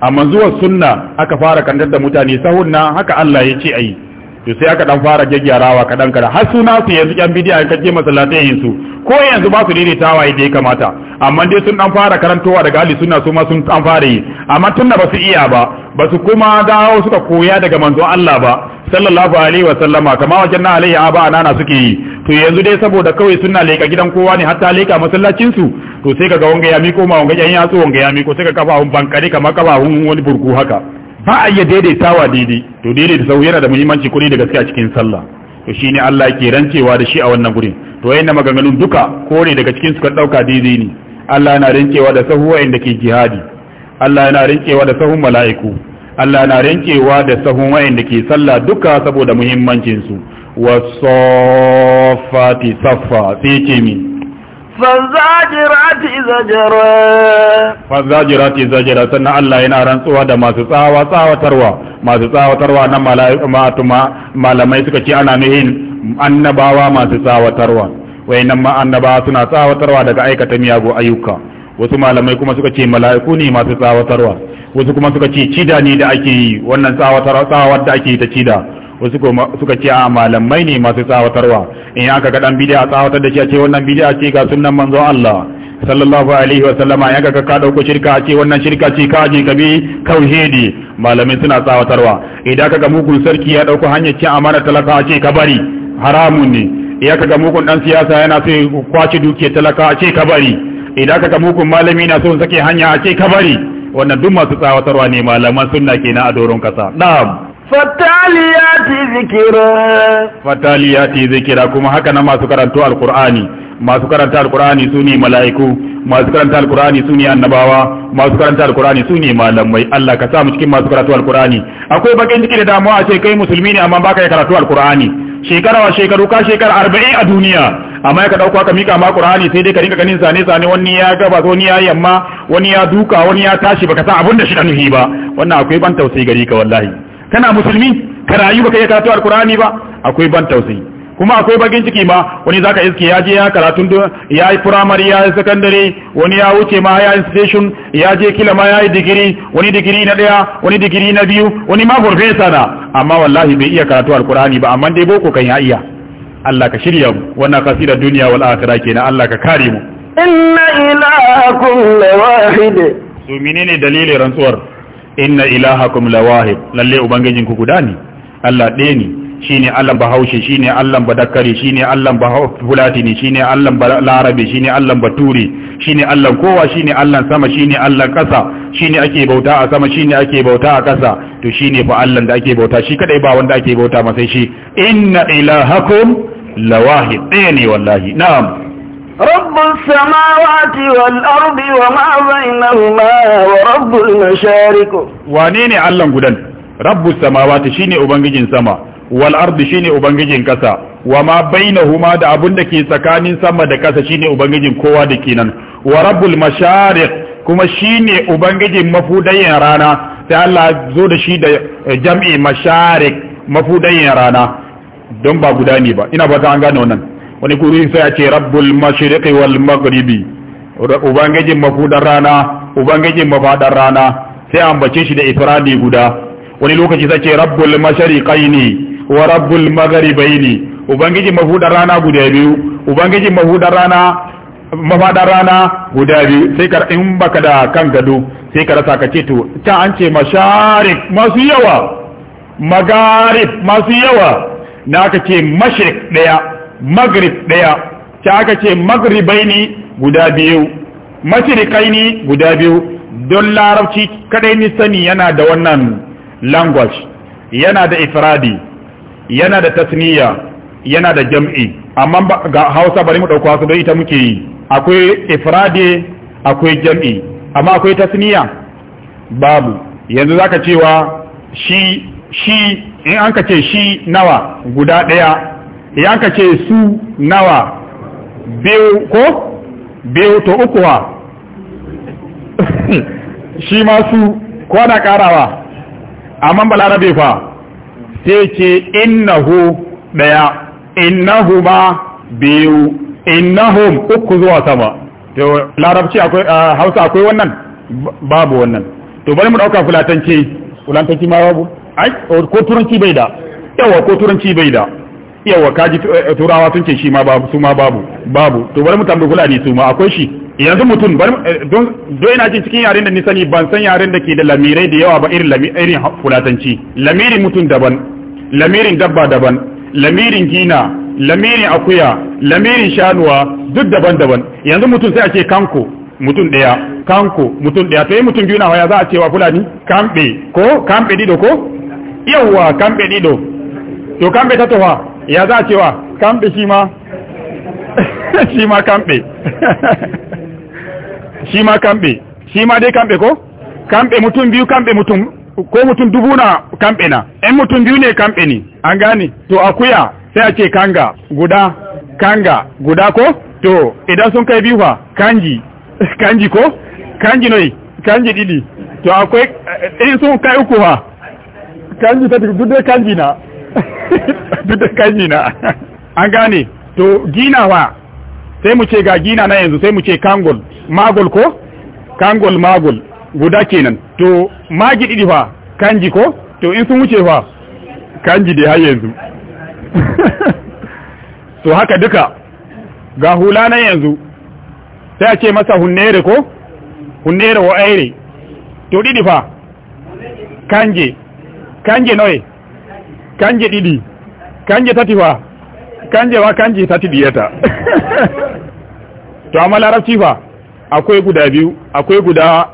a manzuwar sunna aka fara kantar da mutane sahunna haka Allah ya ce a yi. to sai aka dan fara gyaggyarawa kadan kadan har suna su yanzu yan bidiya kan je masallatai su ko yanzu ba su daidaitawa yadda ya kamata amma dai sun dan fara karantawa daga ali sunna su ma sun dan fara yi amma tunda ba su iya ba ba su kuma dawo suka koya daga manzon Allah ba sallallahu alaihi wa sallama kamar wajen na alaihi aba anana suke yi to yanzu dai saboda kawai suna leka gidan kowa ne hatta leka masallacin su to sai kaga wanga ya miko ma wanga yan yatsu wanga ya miko sai ka kafa hun bankare kamar kafa hun wani burku haka ba a iya daidaitawa daidai to daidaita sau yana da muhimmanci kuɗi da gaskiya cikin sallah to shine Allah ke rancewa da shi a wannan gurin to yayin maganganun duka kore daga cikin su suka dauka daidai ne Allah yana rancewa da sahu wa'inda ke jihadi Allah yana rancewa da sahun mala'iku Allah yana rancewa da sahun wa'inda ke sallah duka saboda muhimmancin su wasafati safa sai ce min fanzajirati zajara sannan Allah yana rantsuwa da masu tsawa tsawatarwa masu tsawatarwa na malamai suka ce ana nuhin annabawa masu tsawatarwa nan ma annabawa suna tsawatarwa daga aikata miyagu ayyuka wasu malamai kuma suka ce mala'iku ne masu tsawatarwa wasu kuma suka ce cida ne da ake yi wannan tsawatarwa tsawar da ake yi ta cida wasu suka ce a malamai ne masu tsawatarwa in aka ga dan a tsawatar da shi a ce wannan bid'a ce ga sunan manzon Allah sallallahu alaihi wa sallama ya ga ka dauko shirka a ce wannan shirka ce ka je ka bi kauhidi malamai suna tsawatarwa idan ga mugun sarki ya dauko hanyar cin amana talaka a ce ka bari haramun ne ka ga mugun dan siyasa yana so kwace dukiyar talaka a ce ka bari idan ga mugun malami na so sake hanya a ce ka bari wannan duk masu tsawatarwa ne malaman sunna kenan a doron kasa na'am fataliyati zikira fataliyati zikira kuma haka na masu karanta alqur'ani masu karanta alqur'ani sune mala'iku masu karanta alqur'ani sune annabawa masu karanta alqur'ani sune malamai Allah ka sa mu cikin masu karatu alqur'ani akwai bakin ciki da damuwa a ce kai musulmi ne amma baka karatu alqur'ani shekara wa shekaru ka shekara 40 a duniya amma ka dauko ka mika ma qur'ani sai dai ka rinka ganin zane zane wani ya gaba wani ya yamma wani ya duka wani ya tashi baka san abun da shi da nuhi ba wannan akwai ban tausayi gari ka wallahi kana musulmi ka rayu baka iya karatu alkur'ani ba akwai ban tausayi kuma akwai bakin ciki ma wani zaka iske ya je ya karatu ya yi primary ya yi secondary wani ya wuce ma ya institution ya je kila ma ya yi digiri wani digiri na daya wani digiri na biyu wani ma professor na amma wallahi bai iya karatu alkur'ani ba amma dai boko kan ya iya Allah ka shirya mu wannan kasida duniya wal akhirah kenan Allah ka kare mu inna kullu lawahid su menene dalilin rantsuwar inna ilahakum lawahib lalle ubangijin ku guda ne Allah ɗaya ne shine Allah bahaushe shine Allah badakkari shine Allah bahulatini shine Allah larabe shine Allah bature shine Allah kowa shine Allah sama shine Allah kasa shine ake bauta a sama shine ake bauta a kasa to shine fa Allah da ake bauta shi kadai ba wanda ake bauta masa shi inna ilahakum lawahib ɗaya ne wallahi na'am رب السماوات والأرض وما بينهما ورب المشارق وانين علم قدن رب السماوات شيني أبنجين سما والأرض شيني أبنجين كسا وما بينهما دا أبن دكي سكانين سما دا كسا شيني أبنجين كوا دكينا ورب المشارق كما شيني أبنجين مفودين رانا تعالى زود شيد جمع مشارق مفودين رانا don ba guda ne ba ina ba ta an wannan wani guri sai a ce rabbul mashriqi wal maghribi ubangijin mafudan rana ubangijin mafadan rana sai bace shi da ifradi guda wani lokaci sai ce rabbul mashriqaini wa rabbul maghribaini ubangijin mafudan rana guda biyu ubangijin mafudan rana mafadan rana guda biyu sai ka in baka da kan gado sai ka rasa ka ce to ta an ce masharik masu yawa magarib masu yawa na ka ce mashrik daya magrib ɗaya ta aka ce magribai ne guda biyu mashirikai ne guda biyu don larabci kadai ni sani yana da wannan language yana da ifradi yana da tasniya yana da jam'i amma ga hausa bari mu ɗauka su don ita muke yi akwai ifradi akwai jam'i amma akwai tasniya babu yanzu zaka cewa shi shi in an ka ce shi nawa guda ɗaya ya ka ce su nawa biyu ko biyu to ukuwa *laughs* shi ma su ko na karawa amma balarabe fa sai ce innahu daya innahu ma biyu innahum uku zuwa sama to larabci akwai hausa akwai wannan babu wannan to bari mu dauka fulatanci fulatanci ma babu ai ko turanci bai da yawa ko turanci bai da yawa kaji eh, turawa sun ce shi ma babu su ma babu babu to bari mu tambayi fulani su ma akwai shi yanzu mutum bari eh, don don ina jin cikin yaren da ni sani ban san yaren da ke da lamirai da yawa ba irin irin fulatanci lamirin mutum daban lamirin dabba daban lamirin gina lamirin akuya lamirin shanuwa duk daban-daban yanzu mutum sai a ce kanko mutum daya kanko mutum daya to yi mutum biyu na waya za a cewa fulani kambe ko kambe dido ko yawwa kambe dido to kambe ta tofa ya za cewa kambe shi ma *laughs* shi ma kambe *laughs* shi ma kambe shi ma dai kambe ko kambe mutum biyu kambe mutum ko mutum dubu na kambe na ɗan mutum biyu ne kambe ne an gane to akuya sai a ce kanga guda kanga guda ko to idan sun kai biyu fa kanji *laughs* kanji ko kanji noi kanji didi to akwai ɗin eh, sun kai uku fa kanji ta duk dai kanji na duk da kanyi na an gane to ginawa sai mu ce ga gina na yanzu sai mu ce kangol magol ko kangol magol guda kenan to magi didi fa kanji ko to in sun wuce fa kanji da har yanzu *laughs* to haka duka ga hula na yanzu sai a ce masa hunnere ko hunnere wa aire to didi fa kanje kanje noye kanje ɗiɗi kanje tati fa kanje ma kanje tati ɗiyata *laughs* to amma larabci fa akwai guda biyu akwai guda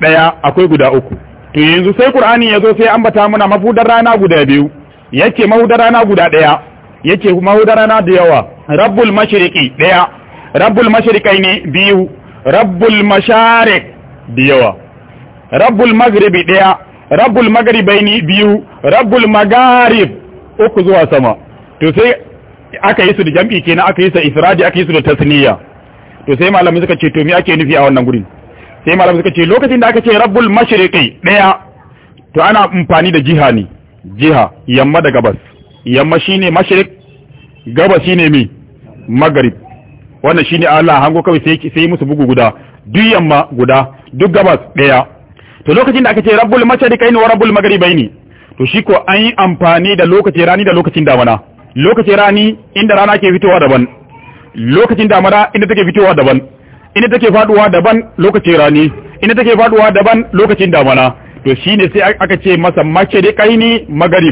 ɗaya akwai guda uku to yanzu sai qur'ani ya zo sai ambata muna mafudar rana guda biyu yake mahudar rana guda ɗaya yake mahudar rana da yawa rabbul mashriqi ɗaya rabbul mashriqai ne biyu rabbul masharik da yawa rabbul maghribi ɗaya rabbul magaribaini biyu rabbul magarib uku zuwa sama to sai aka yi su da jam'i kenan aka yi su ifradi aka yi su da tasniya to sai malamai suka ce to me ake nufi a wannan gurin sai malamai suka ce lokacin da aka ce rabbul mashriqi daya to ana amfani da jiha ne jiha yamma da gabas yamma shine mashriq gabas shine me magarib wannan shine Allah hango kawai sai sai musu bugu guda duk yamma guda duk gabas daya to lokacin da aka ce rabbul mashariqaini wa rabbul baini to shi ko an yi amfani da lokacin rani da lokacin damana lokacin rani inda rana ke fitowa daban lokacin damana inda take fitowa daban inda take faduwa daban lokacin rani inda take faduwa daban lokacin damana to shine sai aka ce masa mashariqaini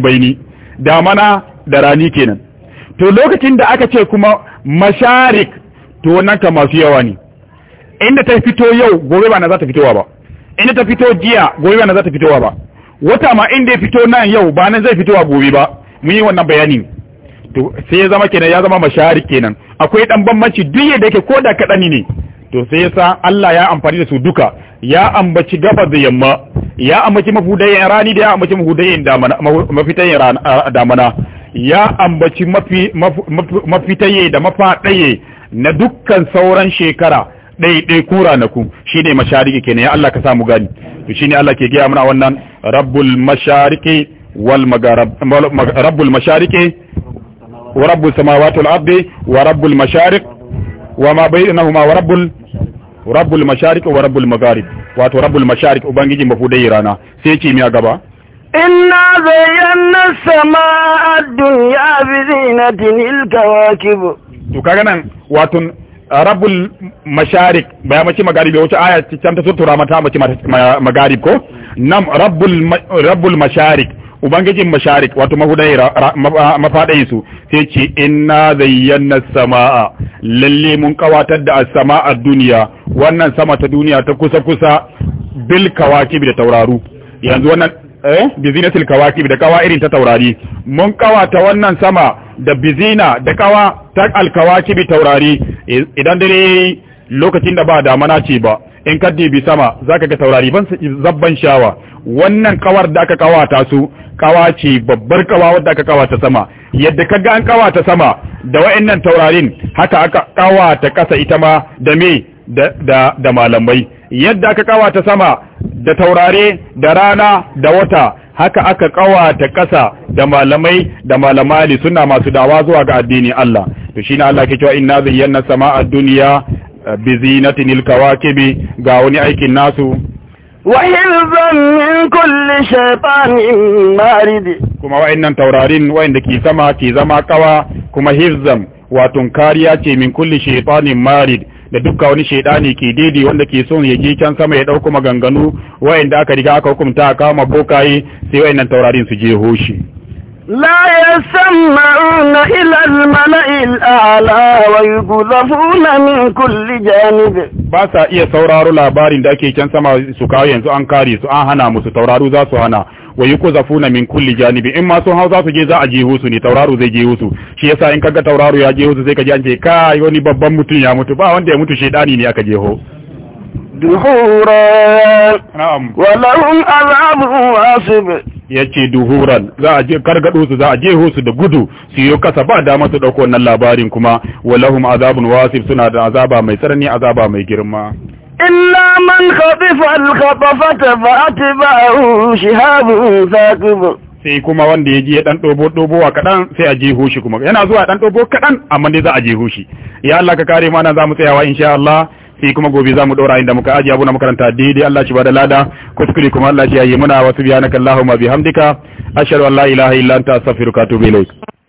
baini damana da rani kenan to lokacin da aka ce kuma masharik to wannan ka masu yawa ne inda ta fito yau gobe ba na za ta fitowa ba in ta fito jiya gobe ba na za ta fitowa ba wata ma da ya fito nan yau ba nan zai fitowa gobe ba mun yi wannan bayani to sai ya zama kenan ya zama mashari kenan akwai dan bambanci duk yadda yake ko da kadani ne to sai sa Allah ya amfani da su duka ya ambaci gaba da yamma ya ambaci mafudayen rani da ya ambaci mafudayen damana mafitayen damana ya ambaci mafi mafitaye da mafadaye na dukkan sauran shekara kura na ranaku shi ne mashariki ke ya Allah ka samu gani to shi ne Allah ke gaya muna wannan rabbul mashariki wal magharib rabbul mashariki wa rabbus samawati wal ardi wa rabbul mashariq wa ma bainahuma wa rabbul rabbul mashariki wa rabbul magharib wato rabbul mashariq ubangijin mafudai rana sai ce miya mi a gaba إنا زينا السماء الدنيا بزينة الكواكب to kaga nan wato rabul masharik ba mace magarib wata aya can ta sutura mata mace magarib ko nam rabbul rabbul masharik ubangijin masharik wato mahudai mafadai su sai ce inna zayyana samaa lalle mun kawatar da as-samaa duniya wannan sama ta duniya ta kusa kusa bil kawakib da tauraru yanzu wannan eh bizinatil kawakib da kawa irin ta taurari mun kawata wannan sama da bizina da kawa ta alkawa kibi taurari idan dare lokacin da ba da mana ce ba in ka dibi sama zaka ga taurari ban zabban shawa wannan kawar da aka kawata su kawa ce babbar kawa wadda aka kawata sama yadda ka ga an ƙawata sama da wa'annan taurarin haka aka ƙawata kasa ita ma da me da malamai yadda aka kawata sama da taurare da rana da wata haka aka kawata kasa da malamai da malamali suna masu dawa zuwa ga addini Allah to shine Allah ke cewa inna zayyana sama'a dunya eh, bi al kawakibi ga wani aikin nasu وحفظا min kulli shaytanin marid kuma wa'annan taurarin wa'anda ke sama ke zama kawa kuma hifzam wato kariya ce min kulli shaytanin marid da dukka wani shaidani ke daidai wanda ke son ya je can sama ya dauko maganganu wayanda aka riga aka hukunta aka kama bokaye sai wayannan taurarin su je hoshi لا يسمعون إلى الملأ الأعلى ويقذفون من كل جانب باسا إيه سورارو لابارين داكي كان سما سكاوي ينزو أنكاري سو آهنا مسو تورارو ذا سو هنا ويقذفون من كل جانب إما سو هاو ذا سو جيزا أجيهوسو ني تورارو زي جيهوسو شي يسا إنكا تورارو يا جيهوسو زي كجانجي كاي وني ببا متو يا متو با وانده متو شيداني ني أكا جيهو duhuran walahun azabun wasib ya ce duhuran za a je kargado su za a je su da gudu su yi kasa ba dama su ɗauko wannan labarin kuma walahun azabun wasif suna da azaba mai tsarni azaba mai girma إلا من خطف الخطفة فأتبعه شهاب ثاقب sai kuma wanda ya ji ya dan dobo dobowa kadan sai a je shi kuma yana zuwa dan dobo kadan amma dai za a je shi ya Allah ka kare mana za mu tsayawa insha Allah sai kuma gobe za mu ɗora inda muka ajiye abu na makaranta daidai Allah shi ba da lada kuskure kuma Allah shi yayi muna wa subhanaka allahumma bihamdika ashhadu an la ilaha illa anta astaghfiruka wa atubu ilaik